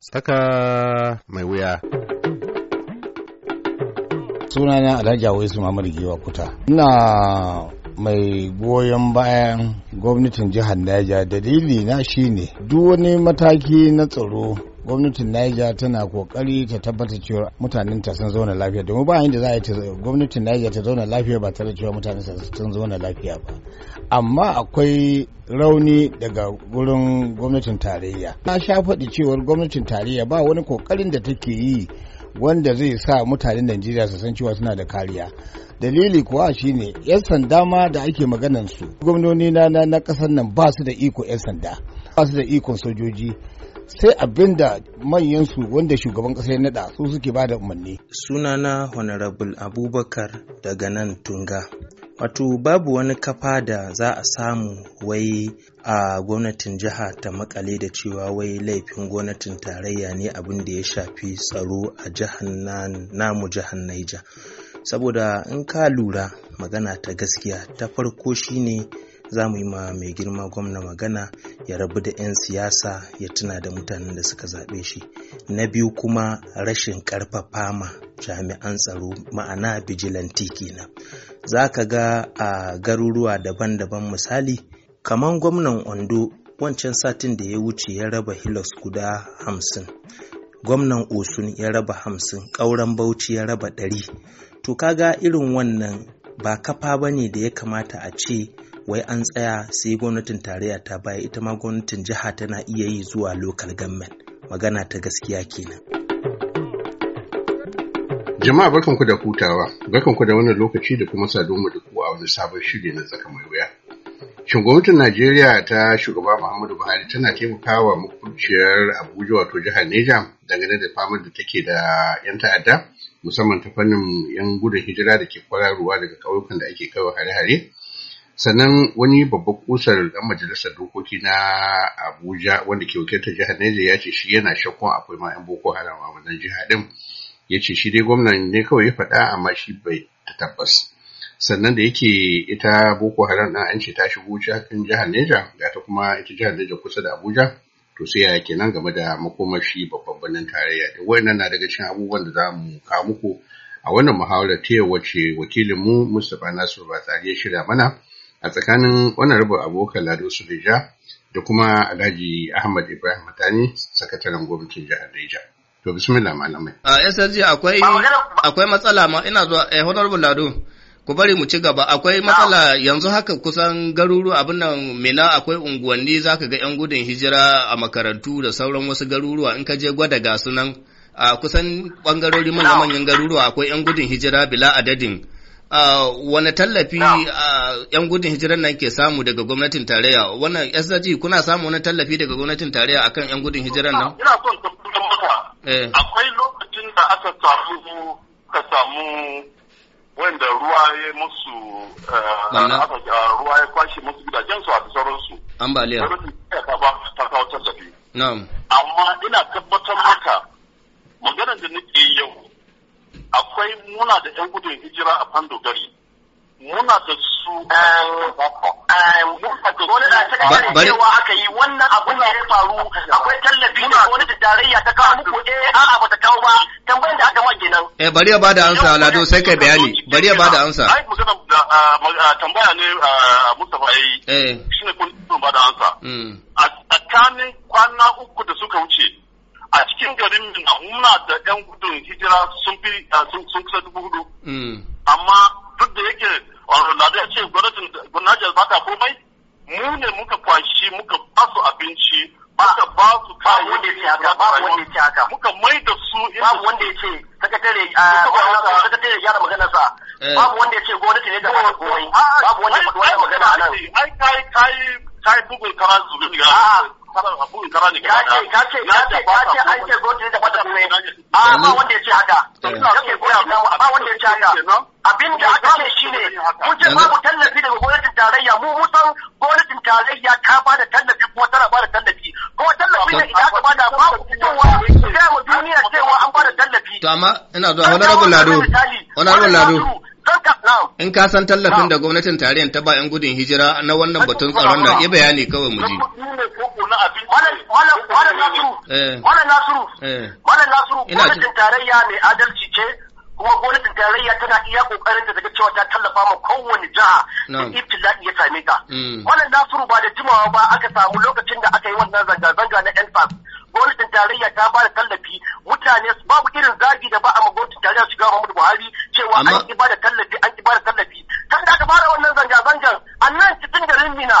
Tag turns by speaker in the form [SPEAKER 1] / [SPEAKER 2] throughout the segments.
[SPEAKER 1] Saka mai wuya. Sunana Alhaji Awaisu Mamadu Giwa Kuta. Ina mai goyon bayan gwamnatin jihar Niger dalili na shine duk wani mataki na tsaro gwamnatin Niger tana kokari ta tabbata cewa mutanen ta sun zauna lafiya domin ba yadda za a yi gwamnatin Niger ta zauna lafiya ba tare da cewa mutanen sun zauna lafiya ba amma akwai rauni daga wurin gwamnatin tarayya na sha faɗi cewar gwamnatin tarayya ba wani kokarin da take yi wanda zai sa mutanen najeriya su san cewa suna da kariya dalili kuwa shine 'yan sanda ma da ake maganan su gwamnoni na na kasar nan ba su da iko 'yan sanda ba su da ikon sojoji sai abin da manyansu wanda shugaban ƙasa ya nada su suke ba da umarni
[SPEAKER 2] sunana honorable abubakar daga nan tunga wato babu wani kafa da za a samu wai a gwamnatin jiha ta makale da cewa wai laifin gwamnatin tarayya ne abin da ya shafi tsaro a jihar namu jihar Niger. saboda in ka lura magana ta gaskiya ta farko shine za mu yi ma mai girma gwamna magana ya rabu da 'yan siyasa ya tuna da mutanen da suka zaɓe shi na biyu kuma rashin ƙarfafa ma jami'an tsaro ma'ana bijilanti kenan za ka ga a garuruwa daban-daban misali kamar gwamnan ondo wancan satin da ya wuce ya raba hilos guda hamsin gwamnan osun ya raba hamsin ƙauren bauchi ya raba ɗari to kaga irin wannan ba kafa ba ne da ya kamata a ce wai an tsaya sai gwamnatin tarayya ta baya ita ma gwamnatin jiha tana iya yi zuwa local government magana ta gaskiya kenan.
[SPEAKER 3] jama'a barkanku da hutawa barkanku da wannan lokaci da kuma saduwa da kowa wani sabon shiri na tsaka mai wuya shin gwamnatin najeriya ta shugaba muhammadu buhari tana taimakawa makwabciyar abuja wato jihar neja dangane da famar da take da yan ta'adda musamman ta fannin 'yan gudun hijira da ke kwararowa daga ƙauyukan da ake kawo hare-hare sannan wani babban kusar ɗan majalisar dokoki na abuja wanda ke wakiltar jihar Niger ya ce shi yana shakkun akwai ma 'yan boko haram a wannan jiha din ya ce shi dai gwamnan ne kawai ya faɗa amma shi bai ta tabbas sannan da yake ita boko haram ɗin an ce ta shigo cikin jihar Niger ga ta kuma ita jihar Niger kusa da abuja to sai yaya kenan game da makomashi babban birnin tarayya da wannan na daga cikin abubuwan da za mu kawo muku a wannan muhawarar ta wace wakilin mu Mustapha nasir Batsari ya shirya mana a tsakanin wannan rubu abokan Lado Suleja da kuma Alhaji Ahmad Ibrahim Matani sakataren gwamnatin jihar Niger. To bismillah malamai.
[SPEAKER 1] A SSG akwai akwai matsala ma ina zuwa eh honorable Lado. ku bari mu ci gaba akwai matsala yanzu haka kusan garuru abin nan mina akwai unguwanni za ka ga 'yan gudun hijira a makarantu da sauran wasu garuruwa in ka je gwada ga nan a kusan bangarori manya-manyan garuruwa akwai 'yan gudun hijira bila adadin wani tallafi 'yan gudun hijirar nan ke samu daga gwamnatin tarayya wannan SDG kuna samu wani tallafi daga gwamnatin tarayya akan 'yan gudun hijirar nan? Ina son eh.
[SPEAKER 4] akwai lokacin da aka samu ka samu wanda ruwa ya musu eh, ruwa ya kwashe musu gidajensu a sauransu. Ambaliya. Gwamnatin ta ba ta kawo tallafi. Na'am. Amma ina tabbatar maka maganar da nake yau akwai muna da 'yan gudun hijira a Fando gari. Muna da su wani eh, da ta kare cewa aka yi wannan abun da ya faru akwai tallafi da wani da tarayya ta kawo muku eh a'a ba ta kawo ba tambayan da aka ma
[SPEAKER 1] kenan eh bari ya bada ansa, alado sai kai bayani bari ya bada ansa. ai
[SPEAKER 4] magana ah, ah, ah, tambaya ne Mustapha, yayi eh shine kun bada ansa. Hmm. a tsakanin kwana uku da suka wuce a cikin garin na muna da yan gudun hijira sun fi sun kusa dubu hudu hmm. amma duk da yake Lado ya ce gwamnatin gwamnatin ba ta komai mu ne muka kwashi muka basu abinci ba ba su wanda ya ce haka ba wanda ya ce haka muka mai da su babu wanda ya ce sakatare sakatare magana sa eh. babu wanda ya ce ne da ba wanda ya magana nan ai kai kai kai bugun ga bugun ce ka ce abin da aka ce mun ce babu tallafi daga gwamnatin tarayya mu musan gwamnatin tarayya ta ba da
[SPEAKER 1] tallafi kuma idan fitowa duniya cewa an bada tallafi to amma ina zuwa in ka san tallafin da gwamnatin tarayyar ta bayan gudun hijira na wannan batun tsaron da ya bayani kawai mu ji nasiru
[SPEAKER 4] malam nasiru eh. eh. gwamnatin tarayya mai adalci ce kuma gwamnatin tarayya tana iya kokarin ta daga cewa ta tallafa ma kowane jiha da ibtila'i ya same ta. Mm. Wannan Nasiru ba da jimawa ba aka samu lokacin da aka yi wannan zanga-zanga na NFAS. Gwamnatin tarayya ta ba da tallafi mutane babu irin zagi da ba a gwamnatin tarayya shiga Muhammadu Buhari cewa an ki ba da tallafi an ki ba da tallafi. Kan aka fara wannan zanga-zangan a nan cikin garin Mina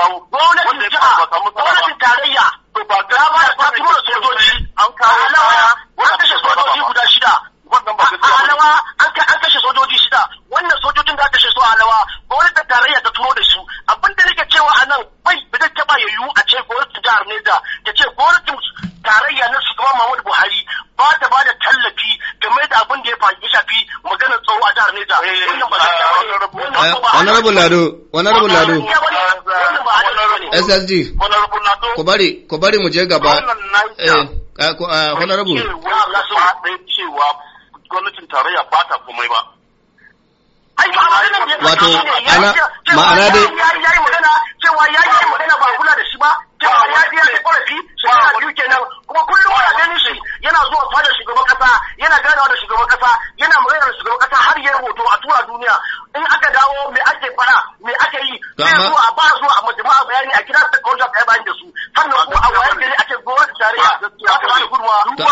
[SPEAKER 4] kawo gwamnatin jiha gwamnatin tarayya ta ba da sojoji an kawo kashe sojoji guda shida a alawa an kashe sojoji shida wannan sojojin da kashe su a tarayya ta turo da su abinda nake cewa a nan bai ba taba yayu a ce gwamnatin jihar Neja ta ce gwamnatin tarayya na shugaban Muhammadu Buhari ba ta ba da tallafi game da abin da ya shafi maganar
[SPEAKER 1] tsaro a jihar eh, eh, Honorable Lado, Honorable Lado.
[SPEAKER 4] SSG
[SPEAKER 1] ku bari ku bari mu je gaba eh, eh honorable
[SPEAKER 4] cewa gwamnatin tarayya ba ta komai ba wato ana ma'ana dai ya yi magana cewa ya yi magana ba kula da shi ba cewa ya biya da korafi shekara biyu kenan kuma kullum ana ganin shi yana zuwa fadar shugaban kasa yana ganawa da shugaban kasa yana magana da shugaban kasa har yayi hoto a tura duniya in aka dawo me ake fara me ake yi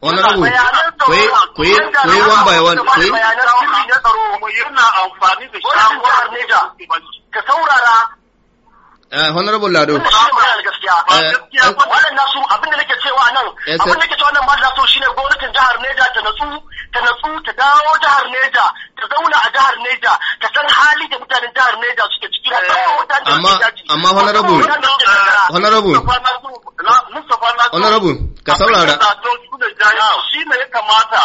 [SPEAKER 4] honorable ku yi one by one ka saurara
[SPEAKER 1] eh, Lado. nan,
[SPEAKER 4] eh, abin da nake cewa nan so dawo jihar Neja, ta a jihar Neja,
[SPEAKER 1] ta da mutanen jihar Neja suke Amma amma honorable. Honorable. Honorable. Ka saurara. jahi shi ne ya kamata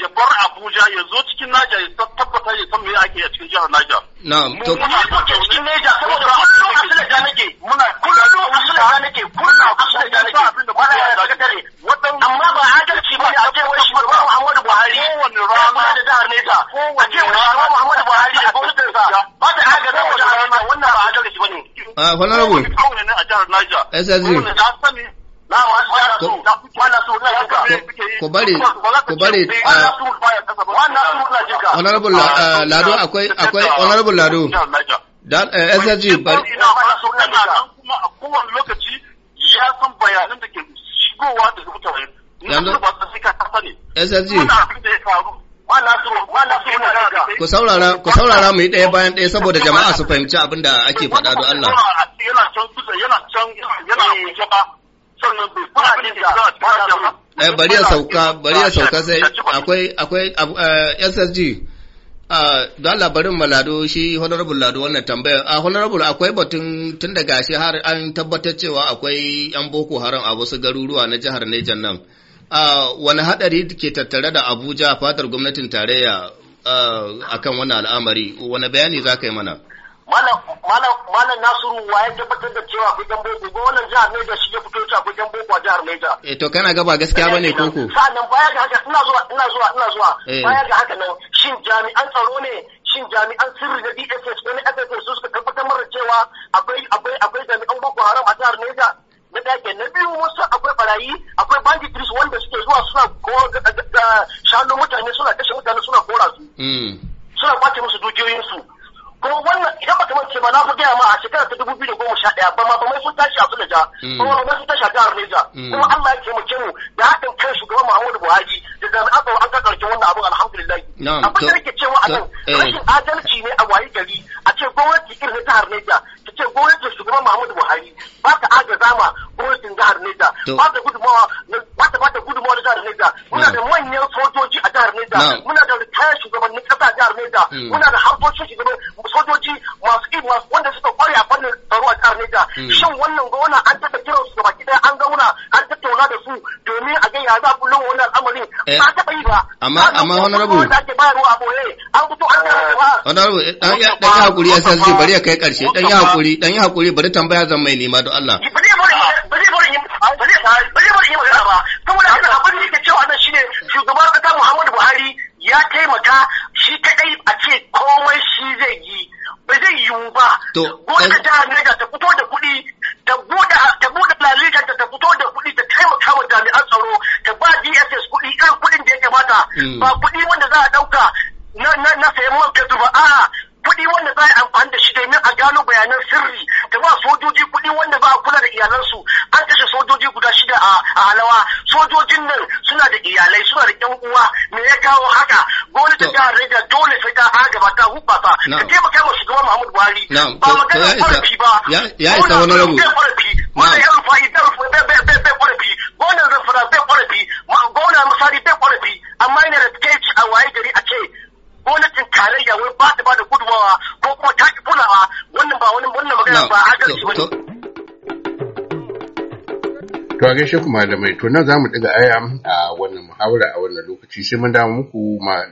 [SPEAKER 1] ya bar Abuja ya zo cikin Naja ya tabbatar ya san me ake a cikin jihar Naja. Na'am. To cikin Naja saboda kullum a nake
[SPEAKER 4] muna kullum a nake kullum a nake abin da ya daga amma ba adalci ba a ce wai Muhammadu Buhari da jihar a ce wai shugaba Muhammadu Buhari da ba ta wannan ba adalci bane.
[SPEAKER 1] Ah honorable. ne a jihar Naja. da sani ko bari ko bari ah, honorable ah, ah, lado akwai akwai honorable lado dan eh, bari
[SPEAKER 4] lokaci ya san bayanan da ke shigowa daga mutane
[SPEAKER 1] yanzu saurara mu yi ɗaya bayan ɗaya saboda jama'a su fahimci abin da ake faɗa don Allah
[SPEAKER 4] yana can yana can yana sannan
[SPEAKER 1] eh, bari ya sauka bari sauka sai akwai akwai eh, SSG ah, don labarin malado shi honorable lado wannan tambaya a ah, honorable akwai batun tun gashi har an tabbatar cewa akwai yan boko haram a wasu garuruwa na jihar Niger nan ah, wani hadari ke tattare da Abuja fatar gwamnatin tarayya akan wannan al'amari wani bayani za ka yi mana
[SPEAKER 4] malam nasiru wa ya tabbatar da cewa akwai dan boko gwamnan jihar neja shi ya fito cewa akwai dan boko a jihar Niger
[SPEAKER 1] eh to kana ga ba gaskiya bane koko
[SPEAKER 4] sannan baya ga haka ina zuwa ina zuwa ina zuwa eh. baya ga haka nan shin jami'an tsaro ne shin jami'an sirri da DSS ko ne SSS su suka tabbatar mara cewa akwai akwai akwai jami'an boko haram a jihar Niger na dake na biyu wasu akwai barayi akwai banditries wanda suke zuwa suna ko shanu mutane suna kashe mutane suna kora su hmm. suna kwace musu dukiyoyinsu kuma wannan idan baka ce ba na fi gaya ma a shekara ta dubu biyu da goma sha ɗaya ba ma ba sun tashi a Suleja kuma mm. ba mai sun tashi a jihar Neja mm. kuma Allah ya taimake mu da haɗin kan shugaban Muhammadu Buhari da jami'an tsaro an kakarce wannan abin alhamdulillah abin da nake cewa a nan eh. rashin adalci ne a wayi gari a ce gwamnati irin jihar Neja ta ce gwamnatin shugaban Muhammadu Buhari ba ta agaza ma gwamnatin jihar Neja ba ta gudunmawa ba ta ba ta gudunmawa da jihar Neja muna da manyan sojoji a jihar Neja muna da ritayar shugabannin ƙasa a jihar Neja mm. muna da harkokin shugaban sojoji masu ƙi masu wanda suka kware a fannin tsaro a jihar Niger. Hmm. Shin wannan gona an taɓa kiran su baki ɗaya an gauna an tattauna da su domin a ga ya za lura wannan al'amarin eh, ba taɓa yi ba.
[SPEAKER 1] Amma amma rabu. Da
[SPEAKER 4] ake bayarwa a boye an fito an tara jama'a.
[SPEAKER 1] Honorable dan eh, yi ɗan ya hakuri SSG bari ya kai ƙarshe dan yi hakuri hakuri bari tambaya zan mai nema don Allah. To. ta jihar
[SPEAKER 4] Niger ta fito da kuɗi ta buɗe ta buɗe lalikan ta fito da kuɗi ta taimaka wa jami'an tsaro ta ba DSS kuɗi irin kuɗin da ya kamata. Hmm. Ba kuɗi wanda za a ɗauka na na na sayan man fetur ba a'a kuɗi wanda za a amfani da shi domin a gano bayanan sirri ta ba sojoji kuɗi wanda ba a kula da iyalansu an kashe sojoji guda shida a halawa sojojin nan suna da iyalai suna da yan uwa me ya kawo haka gwamnatin jihar dole sai ta
[SPEAKER 1] agaba ta hubbata
[SPEAKER 4] ta taimaka buhari ba ba ya isa wani rabu wannan ya bai zamfara bai farafi gwamnan misali bai farafi amma yana da takaici a waye gari a ce gwamnatin tarayya wai ba ta ba da gudunmawa ko kuma ta ki kulawa wannan ba wani wannan magana ba adalci ba ne.
[SPEAKER 3] To a gaishe kuma da mai to za mu ɗiga aya a wannan muhawara a wannan lokaci sai mun dawo muku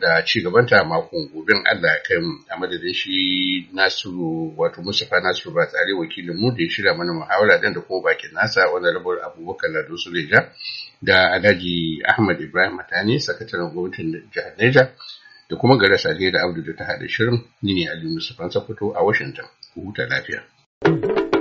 [SPEAKER 3] da ci gabanta makon gobe Allah ya kai mu a madadin shi Nasiru wato Mustapha Nasiru ba tsari, wakilin mu da ya shirya mana muhawara din da kuma bakin nasa wani rabar Abubakar Lado Suleja da Alhaji Ahmad Ibrahim Matani sakataren gwamnatin jihar Neja, da kuma Gara Salihu da Abdu da ta haɗa shirin ni ne Ali Mustapha Sokoto a Washington. Ku huta lafiya.